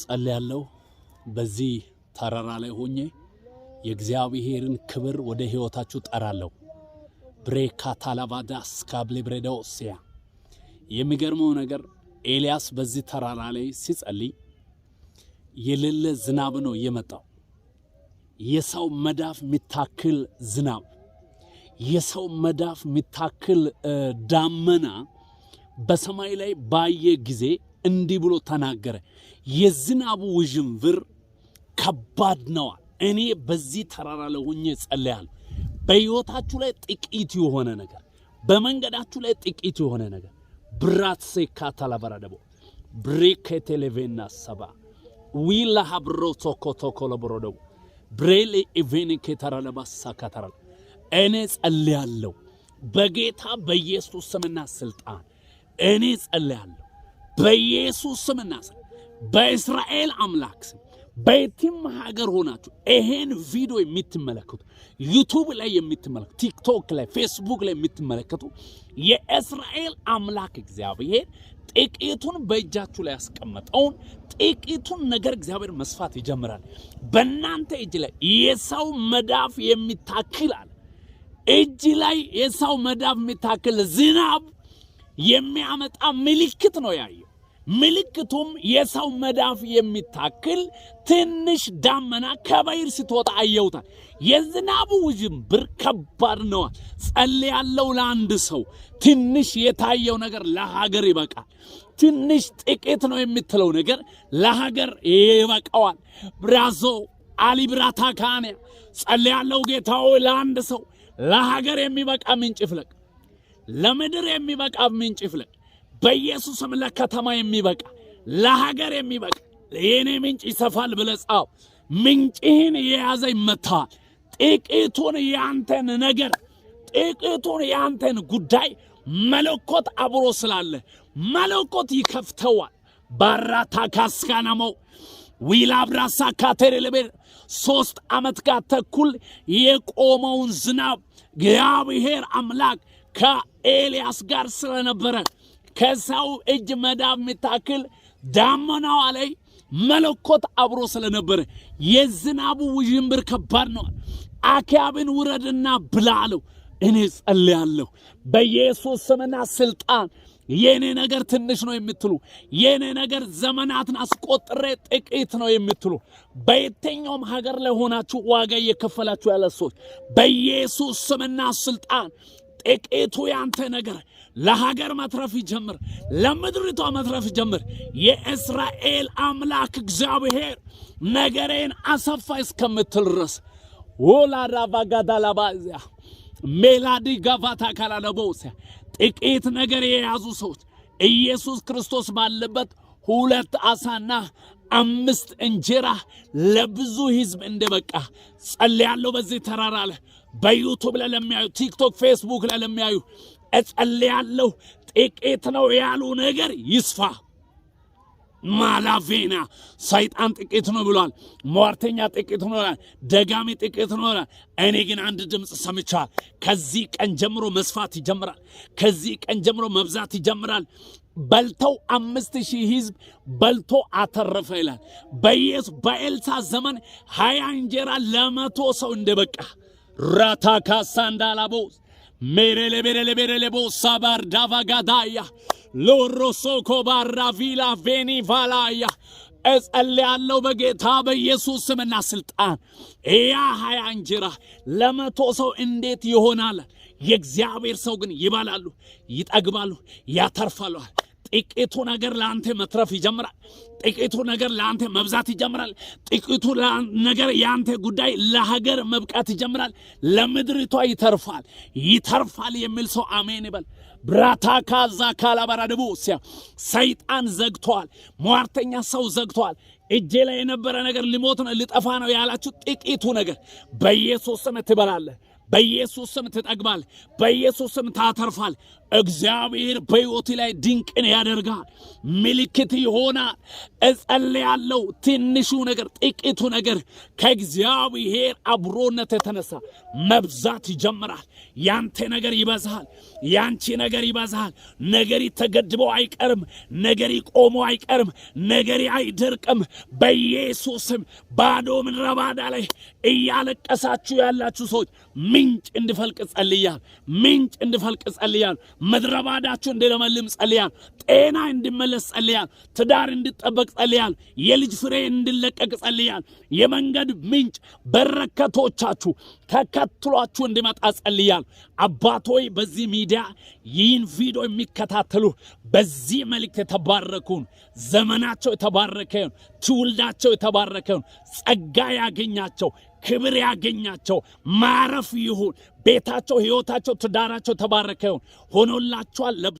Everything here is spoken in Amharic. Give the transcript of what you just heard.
ጸልያለሁ። በዚህ ተራራ ላይ ሆኜ የእግዚአብሔርን ክብር ወደ ሕይወታችሁ ጠራለሁ። ብሬካ ታላባዳስ ካብሌ ብሬዳኦሲያ። የሚገርመው ነገር ኤልያስ በዚህ ተራራ ላይ ሲጸልይ የሌለ ዝናብ ነው የመጣው። የሰው መዳፍ የሚታክል ዝናብ፣ የሰው መዳፍ የሚታክል ዳመና በሰማይ ላይ ባየ ጊዜ እንዲህ ብሎ ተናገረ፣ የዝናቡ ውዥንብር ከባድ ነዋ። እኔ በዚህ ተራራ ላይ ሆኜ ጸለያለሁ። በሕይወታችሁ ላይ ጥቂት የሆነ ነገር፣ በመንገዳችሁ ላይ ጥቂት የሆነ ነገር ብራት ሴካ ተላበራ ደቦ ብሬከ ቴሌቬና ሰባ ዊላ ሀብሮ ቶኮ ቶኮ ለብሮ ደቦ ብሬሌ ኢቬኒ ኬተራ ለማሳካተራ እኔ ጸልያለሁ። በጌታ በኢየሱስ ስምና ስልጣን እኔ ጸልያለሁ። በኢየሱስ ስምና በእስራኤል አምላክ ስም በየትም ሀገር ሆናችሁ ይሄን ቪዲዮ የምትመለከቱ ዩቱብ ላይ የምትመለከቱ ቲክቶክ ላይ ፌስቡክ ላይ የምትመለከቱ የእስራኤል አምላክ እግዚአብሔር ጥቂቱን በእጃችሁ ላይ ያስቀመጠውን ጥቂቱን ነገር እግዚአብሔር መስፋት ይጀምራል። በእናንተ እጅ ላይ የሰው መዳፍ የሚታክል አለ። እጅ ላይ የሰው መዳፍ የሚታክል ዝናብ የሚያመጣ ምልክት ነው ያየው። ምልክቱም የሰው መዳፍ የሚታክል ትንሽ ዳመና ከባይር ስትወጣ አየውታል። የዝናቡ ውዥንብር ከባድ ነዋ። ያለው ለአንድ ሰው ትንሽ የታየው ነገር ለሀገር ይበቃል። ትንሽ ጥቂት ነው የምትለው ነገር ለሀገር ይበቃዋል። ብራዞ አሊብራታ ካንያ ጸልያለሁ ጌታ ሆይ ለአንድ ሰው ለሀገር የሚበቃ ምንጭ ፍለቅ፣ ለምድር የሚበቃ ምንጭ ፍለቅ። በኢየሱስ በኢየሱስም ለከተማ የሚበቃ ለሀገር የሚበቃ የእኔ ምንጭ ይሰፋል ብለህ ጻፍ። ምንጭህን የያዘ ይመታዋል። ጥቂቱን የአንተን ነገር ጥቂቱን የአንተን ጉዳይ መለኮት አብሮ ስላለ መለኮት ይከፍተዋል። ባራታ ካስካናመው ዊላብራሳ ብራሳ ካቴሬልቤር ሶስት ዓመት ጋር ተኩል የቆመውን ዝናብ እግዚአብሔር አምላክ ከኤልያስ ጋር ስለነበረ ከሰው እጅ መዳብ የምታክል ዳመናዋ ላይ መለኮት አብሮ ስለነበረ የዝናቡ ውዥንብር ከባድ ነው። አክያብን ውረድና ብላ አለው። እኔ ጸልያለሁ በኢየሱስ ስምና ስልጣን የእኔ ነገር ትንሽ ነው የምትሉ የእኔ ነገር ዘመናትን አስቆጥሬ ጥቂት ነው የምትሉ በየትኛውም ሀገር ላይ ሆናችሁ ዋጋ እየከፈላችሁ ያለ ሰዎች በኢየሱስ ስምና ስልጣን ጥቂቱ ያንተ ነገር ለሀገር መትረፍ ይጀምር፣ ለምድሪቷ መትረፍ ይጀምር። የእስራኤል አምላክ እግዚአብሔር ነገሬን አሰፋ እስከምትል ድረስ ወላዳ ባጋዳላባዚያ ሜላዲ ጋፋታ ካላለቦሲያ ጥቂት ነገር የያዙ ሰዎች ኢየሱስ ክርስቶስ ባለበት ሁለት አሳና አምስት እንጀራ ለብዙ ህዝብ እንደበቃ ጸልያለሁ። በዚህ ተራራ ላይ በዩቱብ ላይ ለሚያዩ ቲክቶክ፣ ፌስቡክ ላይ ለሚያዩ እጸልያለሁ። ጥቂት ነው ያሉ ነገር ይስፋ። ማላቬና ሰይጣን ጥቂት ነው ብሏል። ሟርተኛ ጥቂት ነው ብሏል። ደጋሚ ጥቂት ነው ብሏል። እኔ ግን አንድ ድምፅ ሰምቻል። ከዚህ ቀን ጀምሮ መስፋት ይጀምራል። ከዚህ ቀን ጀምሮ መብዛት ይጀምራል። በልተው አምስት ሺህ ህዝብ በልቶ አተረፈ ይላል። በኢየሱስ በኤልሳ ዘመን ሀያ እንጀራ ለመቶ ሰው እንደበቃ ራታካሳ እንዳላቦ ሜሬሌቤሬሌቤሬሌቦ ሳባር ዳቫጋዳያ ሎሮሶኮ ቪላ ቬኒ ቫላያ እጸልያለሁ በጌታ በኢየሱስ ስምና ስልጣን ያ ሀያ እንጀራ ለመቶ ሰው እንዴት ይሆናል? የእግዚአብሔር ሰው ግን ይበላሉ፣ ይጠግባሉ፣ ያተርፋሉ። ጥቂቱ ነገር ለአንተ መትረፍ ይጀምራል። ጥቂቱ ነገር ለአንተ መብዛት ይጀምራል። ጥቂቱ ነገር የአንተ ጉዳይ ለሀገር መብቃት ይጀምራል። ለምድሪቷ ይተርፋል፣ ይተርፋል የሚል ሰው አሜን ይበል። ካዛ ካላባራ ደቡ ሲያ ሰይጣን ዘግቷል። ሟርተኛ ሰው ዘግቷል። እጄ ላይ የነበረ ነገር ሊሞት ነው ሊጠፋ ነው ያላችሁ ጥቂቱ ነገር በኢየሱስ ስም ትበላለህ። በኢየሱስ ስም ትጠግባል። በኢየሱስ ስም ታተርፋል። እግዚአብሔር በሕይወት ላይ ድንቅን ያደርጋል። ምልክት ይሆናል። እጸልያለሁ። ትንሹ ነገር፣ ጥቂቱ ነገር ከእግዚአብሔር አብሮነት የተነሳ መብዛት ይጀምራል። ያንተ ነገር ይበዛል። ያንቺ ነገር ይበዛል። ነገሪ ተገድቦ አይቀርም። ነገሪ ቆሞ አይቀርም። ነገሪ አይደርቅም። በኢየሱስም ባዶ ምድረ በዳ ላይ እያለቀሳችሁ ያላችሁ ሰዎች ምንጭ እንድፈልቅ ጸልያል። ምንጭ እንድፈልቅ ጸልያል። ምድረባዳችሁ እንዲለመልም ጸልያል። ጤና እንዲመለስ ጸልያል። ትዳር እንዲጠበቅ ጸልያል። የልጅ ፍሬ እንዲለቀቅ ጸልያል። የመንገድ ምንጭ በረከቶቻችሁ ተከትሏችሁ እንዲመጣ ጸልያል። አባቶይ በዚህ ሚዲያ ይህን ቪዲዮ የሚከታተሉ በዚህ መልእክት የተባረኩን ዘመናቸው የተባረከ ትውልዳቸው የተባረከ ጸጋ ያገኛቸው፣ ክብር ያገኛቸው፣ ማረፍ ይሁን። ቤታቸው፣ ህይወታቸው ትዳራቸው የተባረከ ሆኖላቸዋል ሆኖላችኋል።